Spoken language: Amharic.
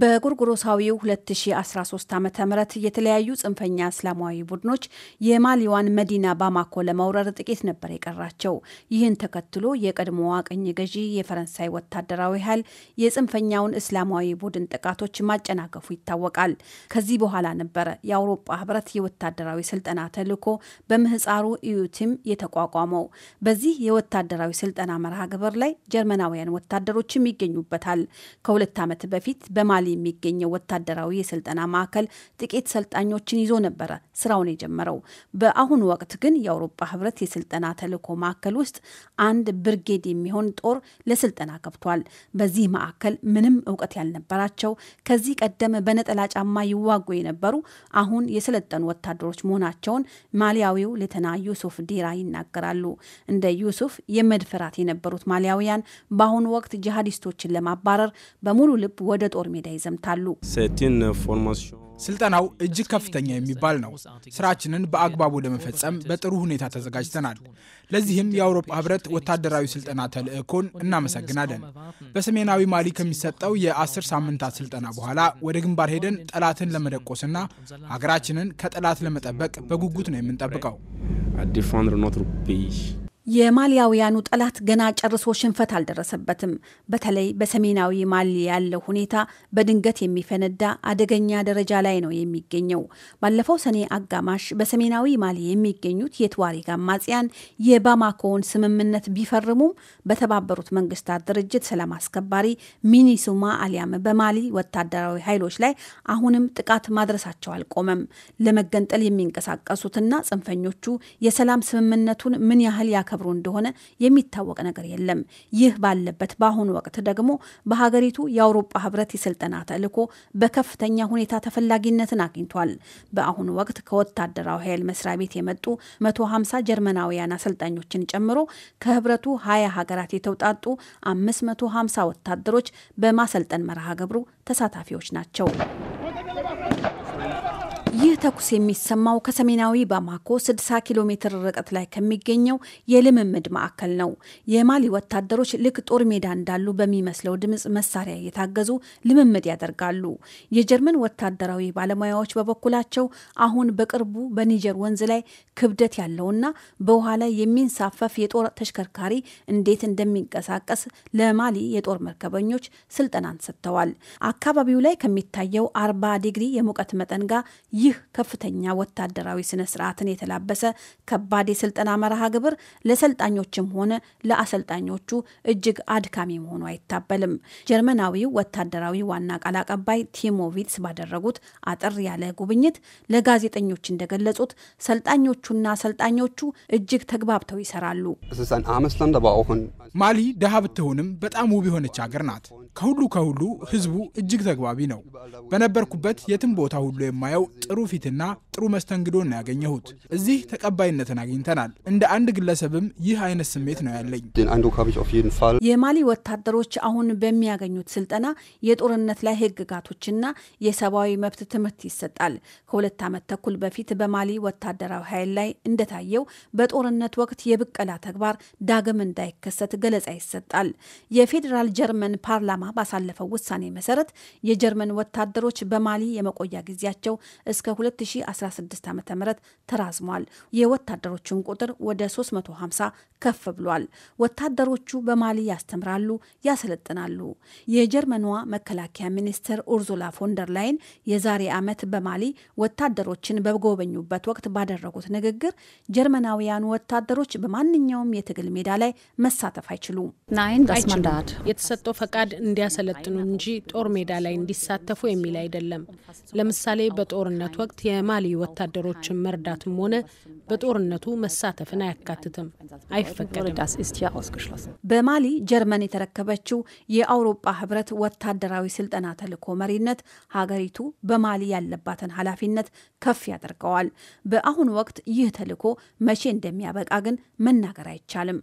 በጉርጉሮሳዊው 2013 ዓ ም የተለያዩ ጽንፈኛ እስላማዊ ቡድኖች የማሊዋን መዲና ባማኮ ለመውረር ጥቂት ነበር የቀራቸው። ይህን ተከትሎ የቀድሞዋ ቅኝ ገዢ የፈረንሳይ ወታደራዊ ኃይል የጽንፈኛውን እስላማዊ ቡድን ጥቃቶች ማጨናገፉ ይታወቃል። ከዚህ በኋላ ነበረ የአውሮፓ ህብረት የወታደራዊ ስልጠና ተልዕኮ በምህፃሩ ኢዩቲም የተቋቋመው። በዚህ የወታደራዊ ስልጠና መርሃ ግብር ላይ ጀርመናውያን ወታደሮችም ይገኙበታል። ከሁለት ዓመት በፊት በማ ማሊ የሚገኘው ወታደራዊ የስልጠና ማዕከል ጥቂት ሰልጣኞችን ይዞ ነበረ ስራውን የጀመረው። በአሁኑ ወቅት ግን የአውሮፓ ህብረት የስልጠና ተልዕኮ ማዕከል ውስጥ አንድ ብርጌድ የሚሆን ጦር ለስልጠና ገብቷል። በዚህ ማዕከል ምንም እውቀት ያልነበራቸው ከዚህ ቀደም በነጠላ ጫማ ይዋጉ የነበሩ አሁን የሰለጠኑ ወታደሮች መሆናቸውን ማሊያዊው ሌተና ዩሱፍ ዲራ ይናገራሉ። እንደ ዩሱፍ የመድፈራት የነበሩት ማሊያውያን በአሁኑ ወቅት ጂሃዲስቶችን ለማባረር በሙሉ ልብ ወደ ጦር ሜዳ ይዘምታሉ። ስልጠናው እጅግ ከፍተኛ የሚባል ነው። ስራችንን በአግባቡ ለመፈጸም በጥሩ ሁኔታ ተዘጋጅተናል። ለዚህም የአውሮፓ ህብረት ወታደራዊ ስልጠና ተልዕኮን እናመሰግናለን። በሰሜናዊ ማሊ ከሚሰጠው የአስር ሳምንታት ስልጠና በኋላ ወደ ግንባር ሄደን ጠላትን ለመደቆስና ሀገራችንን ከጠላት ለመጠበቅ በጉጉት ነው የምንጠብቀው። የማሊያውያኑ ጠላት ገና ጨርሶ ሽንፈት አልደረሰበትም። በተለይ በሰሜናዊ ማሊ ያለው ሁኔታ በድንገት የሚፈነዳ አደገኛ ደረጃ ላይ ነው የሚገኘው። ባለፈው ሰኔ አጋማሽ በሰሜናዊ ማሊ የሚገኙት የቱዋሬግ አማጽያን የባማኮውን ስምምነት ቢፈርሙም በተባበሩት መንግስታት ድርጅት ሰላም አስከባሪ ሚኒሱማ አሊያም በማሊ ወታደራዊ ኃይሎች ላይ አሁንም ጥቃት ማድረሳቸው አልቆመም። ለመገንጠል የሚንቀሳቀሱትና ጽንፈኞቹ የሰላም ስምምነቱን ምን ያህል ያከ ያከብሩ እንደሆነ የሚታወቅ ነገር የለም። ይህ ባለበት በአሁኑ ወቅት ደግሞ በሀገሪቱ የአውሮፓ ህብረት የስልጠና ተልዕኮ በከፍተኛ ሁኔታ ተፈላጊነትን አግኝቷል። በአሁኑ ወቅት ከወታደራዊ ኃይል መስሪያ ቤት የመጡ 150 ጀርመናውያን አሰልጣኞችን ጨምሮ ከህብረቱ 20 ሀገራት የተውጣጡ 550 ወታደሮች በማሰልጠን መርሃ ግብሩ ተሳታፊዎች ናቸው። ይህ ተኩስ የሚሰማው ከሰሜናዊ ባማኮ 60 ኪሎ ሜትር ርቀት ላይ ከሚገኘው የልምምድ ማዕከል ነው። የማሊ ወታደሮች ልክ ጦር ሜዳ እንዳሉ በሚመስለው ድምፅ መሳሪያ እየታገዙ ልምምድ ያደርጋሉ። የጀርመን ወታደራዊ ባለሙያዎች በበኩላቸው አሁን በቅርቡ በኒጀር ወንዝ ላይ ክብደት ያለውና በውሃ ላይ የሚንሳፈፍ የጦር ተሽከርካሪ እንዴት እንደሚንቀሳቀስ ለማሊ የጦር መርከበኞች ስልጠናን ሰጥተዋል። አካባቢው ላይ ከሚታየው 40 ዲግሪ የሙቀት መጠን ጋር ይህ ከፍተኛ ወታደራዊ ስነ ስርዓትን የተላበሰ ከባድ የስልጠና መርሃ ግብር ለሰልጣኞችም ሆነ ለአሰልጣኞቹ እጅግ አድካሚ መሆኑ አይታበልም። ጀርመናዊው ወታደራዊ ዋና ቃል አቀባይ ቲሞ ቪትስ ባደረጉት አጠር ያለ ጉብኝት ለጋዜጠኞች እንደገለጹት ሰልጣኞቹና አሰልጣኞቹ እጅግ ተግባብተው ይሰራሉ። ማሊ ደሃ ብትሆንም በጣም ውብ የሆነች ሀገር ናት። ከሁሉ ከሁሉ ህዝቡ እጅግ ተግባቢ ነው። በነበርኩበት የትም ቦታ ሁሉ የማየው ጥሩ ፊት not. ጥሩ መስተንግዶ ነው ያገኘሁት። እዚህ ተቀባይነትን አግኝተናል። እንደ አንድ ግለሰብም ይህ አይነት ስሜት ነው ያለኝ። የማሊ ወታደሮች አሁን በሚያገኙት ስልጠና የጦርነት ላይ ህግጋቶችና የሰብአዊ መብት ትምህርት ይሰጣል። ከሁለት ዓመት ተኩል በፊት በማሊ ወታደራዊ ኃይል ላይ እንደታየው በጦርነት ወቅት የብቀላ ተግባር ዳግም እንዳይከሰት ገለጻ ይሰጣል። የፌዴራል ጀርመን ፓርላማ ባሳለፈው ውሳኔ መሰረት የጀርመን ወታደሮች በማሊ የመቆያ ጊዜያቸው እስከ 2015 2016 ዓ ም ተራዝሟል። የወታደሮችን ቁጥር ወደ 350 ከፍ ብሏል። ወታደሮቹ በማሊ ያስተምራሉ፣ ያሰለጥናሉ። የጀርመኗ መከላከያ ሚኒስትር ኡርዙላ ፎንደር ላይን የዛሬ ዓመት በማሊ ወታደሮችን በጎበኙበት ወቅት ባደረጉት ንግግር ጀርመናውያኑ ወታደሮች በማንኛውም የትግል ሜዳ ላይ መሳተፍ አይችሉም። የተሰጠው ፈቃድ እንዲያሰለጥኑ እንጂ ጦር ሜዳ ላይ እንዲሳተፉ የሚል አይደለም። ለምሳሌ በጦርነት ወቅት የማሊ ወታደሮችን መርዳትም ሆነ በጦርነቱ መሳተፍን አያካትትም፣ አይፈቀድም። በማሊ ጀርመን የተረከበችው የአውሮፓ ህብረት ወታደራዊ ስልጠና ተልዕኮ መሪነት ሀገሪቱ በማሊ ያለባትን ኃላፊነት ከፍ ያደርገዋል። በአሁኑ ወቅት ይህ ተልዕኮ መቼ እንደሚያበቃ ግን መናገር አይቻልም።